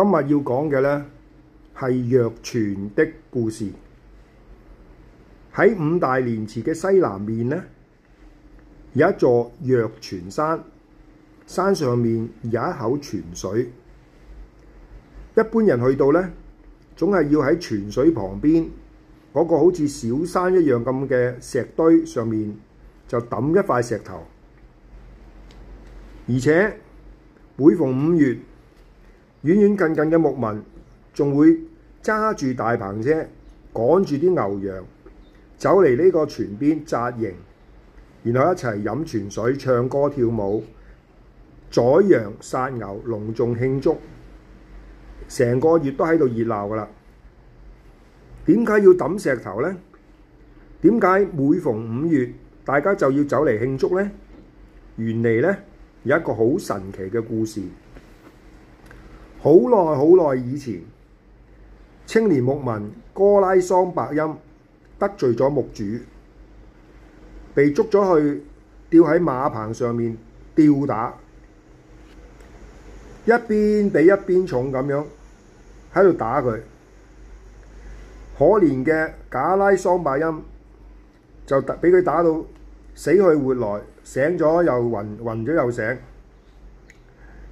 今日要講嘅呢係藥泉的故事。喺五大連池嘅西南面咧，有一座藥泉山，山上面有一口泉水。一般人去到呢，總係要喺泉水旁邊嗰個好似小山一樣咁嘅石堆上面，就抌一塊石頭。而且每逢五月，遠遠近近嘅牧民仲會揸住大棚車趕住啲牛羊走嚟呢個泉邊紮營，然後一齊飲泉水、唱歌跳舞、宰羊殺牛，隆重慶祝，成個月都喺度熱鬧噶啦。點解要抌石頭呢？點解每逢五月大家就要走嚟慶祝呢？原嚟呢，有一個好神奇嘅故事。好耐好耐以前，青年牧民哥拉桑伯音得罪咗牧主，被捉咗去吊喺馬棚上面吊打，一邊比一邊重咁樣喺度打佢，可憐嘅假拉桑伯音就特俾佢打到死去活來，醒咗又暈，暈咗又醒。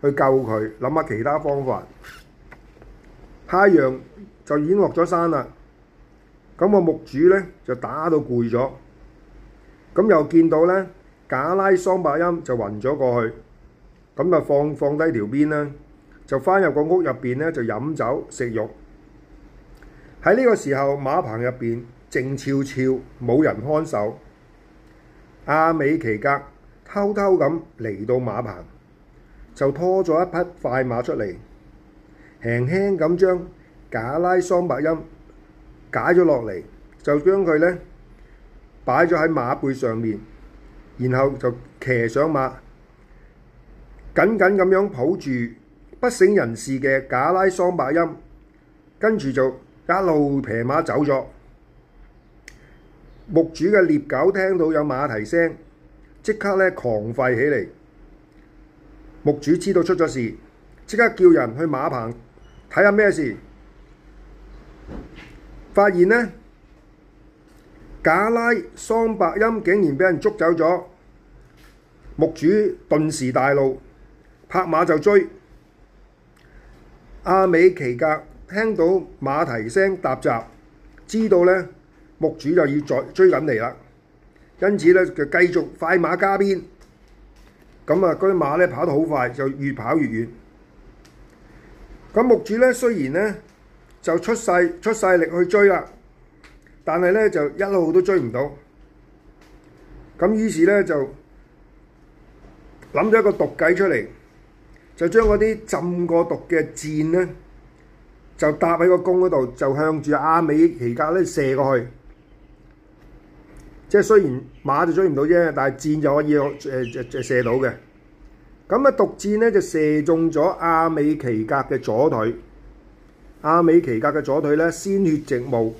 去救佢，諗下其他方法。太陽就已經落咗山啦，咁個牧主咧就打到攰咗，咁又見到咧，假拉桑伯音就暈咗過去，咁就放放低條鞭啦，就翻入個屋入邊咧就飲酒食肉。喺呢個時候，馬棚入邊靜悄悄，冇人看守，阿美奇格偷偷咁嚟到馬棚。就拖咗一匹快馬出嚟，輕輕咁將賈拉桑白音解咗落嚟，就將佢呢擺咗喺馬背上面，然後就騎上馬，緊緊咁樣抱住不省人事嘅賈拉桑白音，跟住就一路騎馬走咗。牧主嘅獵狗聽到有馬蹄聲，即刻咧狂吠起嚟。牧主知道出咗事，即刻叫人去馬棚睇下咩事，發現呢，假拉桑伯音竟然俾人捉走咗，牧主頓時大怒，拍馬就追。阿美奇格聽到馬蹄聲踏雜，知道呢，牧主就要再追緊嚟啦，因此呢，就繼續快馬加鞭。咁啊，嗰啲馬咧跑得好快，就越跑越遠。咁木主咧，雖然咧就出晒出晒力去追啦，但係咧就一路都追唔到。咁於是咧就諗咗一個毒計出嚟，就將嗰啲浸過毒嘅箭咧，就搭喺個弓嗰度，就向住阿美奇格咧射過去。即係雖然馬就追唔到啫，但係箭就可以射到嘅。咁啊，毒箭呢，就射中咗阿美奇格嘅左腿。阿美奇格嘅左腿呢，鮮血直冒，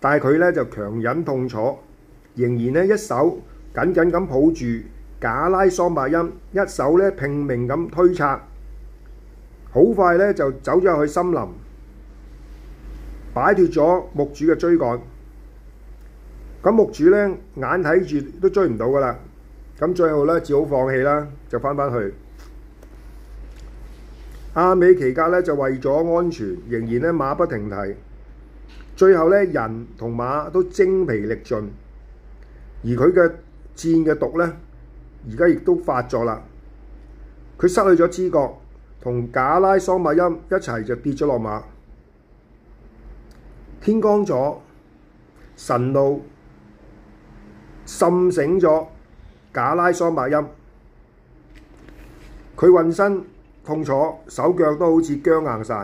但係佢呢，就強忍痛楚，仍然呢一手緊緊咁抱住賈拉桑伯音，一手呢拼命咁推擦，好快呢，就走咗入去森林，擺脱咗牧主嘅追趕。咁木主咧眼睇住都追唔到噶啦，咁最後咧只好放棄啦，就翻返去。阿美旗格咧就為咗安全，仍然咧馬不停蹄。最後咧人同馬都精疲力盡，而佢嘅箭嘅毒咧，而家亦都發作啦。佢失去咗知覺，同假拉桑馬音一齊就跌咗落馬。天光咗，神露。浸醒咗，假拉桑伯音，佢渾身痛楚，手腳都好似僵硬晒。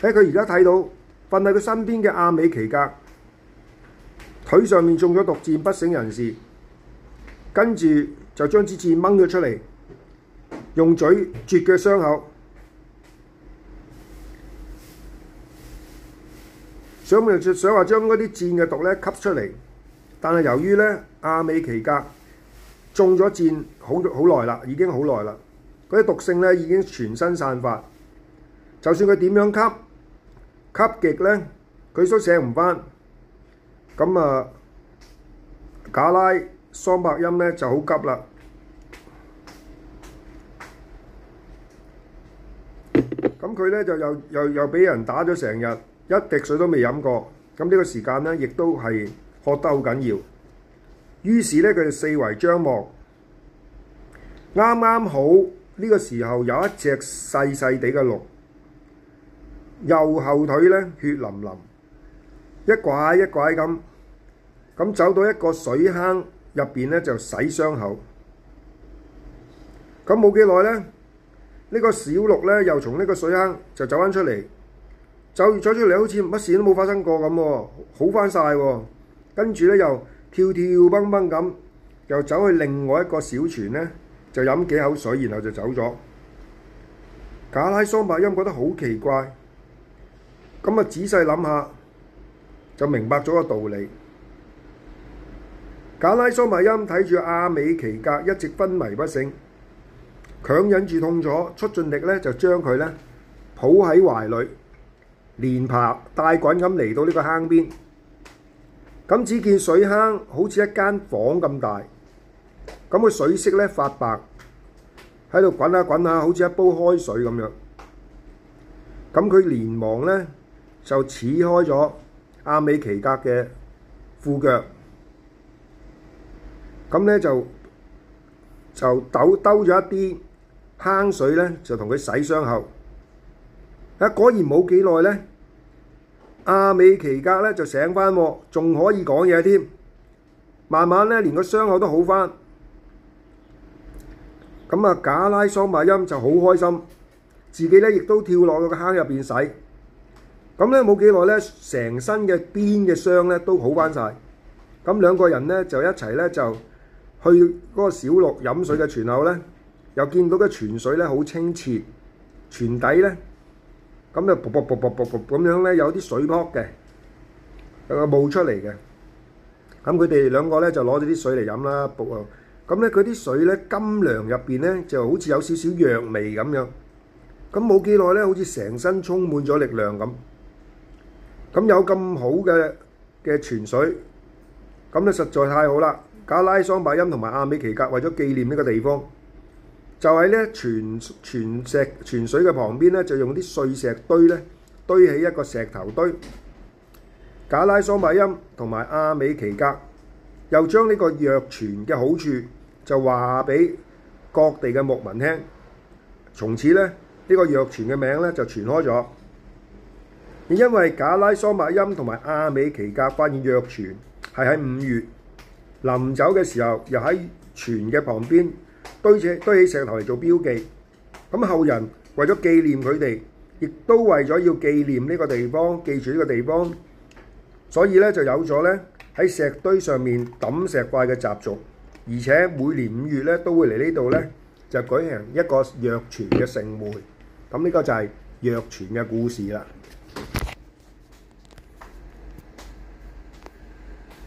喺佢而家睇到瞓喺佢身邊嘅阿美奇格，腿上面中咗毒箭，不省人事。跟住就將支箭掹咗出嚟，用嘴啜嘅傷口，想唔想話將嗰啲箭嘅毒咧吸出嚟？但係由於咧，亞美奇格中咗箭，好好耐啦，已經好耐啦。嗰啲毒性咧已經全身散發，就算佢點樣吸吸極咧，佢都醒唔翻。咁啊，賈拉桑伯恩咧就好急啦。咁佢咧就又又又俾人打咗成日，一滴水都未飲過。咁呢個時間咧，亦都係。我覺得好緊要。於是咧，佢哋四圍張望，啱啱好呢個時候有一隻細細地嘅鹿，右後腿咧血淋淋，一拐一拐咁，咁走到一個水坑入邊咧就洗傷口。咁冇幾耐咧，呢個小鹿咧又從呢個水坑就走翻出嚟，走完咗出嚟好似乜事都冇發生過咁喎，好翻晒喎。跟住咧又跳跳蹦蹦咁，又走去另外一個小泉咧，就飲幾口水，然後就走咗。假拉桑伯音覺得好奇怪，咁啊仔細諗下就明白咗個道理。假拉桑伯音睇住阿美其格一直昏迷不醒，強忍住痛楚，出盡力咧就將佢咧抱喺懷裡，連爬帶滾咁嚟到呢個坑邊。咁只見水坑好似一間房咁大，咁個水色咧發白，喺度滾下滾下，好似一煲開水咁樣。咁佢連忙咧就褫開咗阿美奇格嘅褲腳，咁咧就就抖兜咗一啲坑水咧，就同佢洗傷口。啊，果然冇幾耐咧～亞、啊、美奇格咧就醒翻，仲可以講嘢添。慢慢咧，連個傷口都好翻。咁啊，假拉桑馬音就好開心，自己咧亦都跳落個坑入邊洗。咁咧冇幾耐咧，成身嘅邊嘅傷咧都好翻晒。咁兩個人咧就一齊咧就去嗰個小鹿飲水嘅泉口咧，又見到個泉水咧好清澈，泉底咧。咁就噗噗噗噗噗噗咁樣咧，有啲水泡嘅，個冒出嚟嘅。咁佢哋兩個咧就攞咗啲水嚟飲啦，卜啊！咁咧佢啲水咧金涼入邊咧就好似有少少藥味咁樣。咁冇幾耐咧，好似成身充滿咗力量咁。咁有咁好嘅嘅泉水，咁咧實在太好啦！加拉桑拜因同埋阿美奇格為咗紀念呢個地方。就喺咧泉泉石泉水嘅旁邊咧，就用啲碎石堆咧堆起一個石頭堆。假拉桑馬音同埋阿美奇格又將呢個藥泉嘅好處就話俾各地嘅牧民聽。從此咧呢個藥泉嘅名咧就傳開咗。因為假拉桑馬音同埋阿美奇格發現藥泉係喺五月臨走嘅時候，又喺泉嘅旁邊，堆起堆起石頭嚟做標記，咁後人為咗紀念佢哋，亦都為咗要紀念呢個地方，記住呢個地方，所以咧就有咗咧喺石堆上面揼石塊嘅習俗，而且每年五月咧都會嚟呢度咧就舉行一個藥泉嘅盛會，咁呢個就係藥泉嘅故事啦。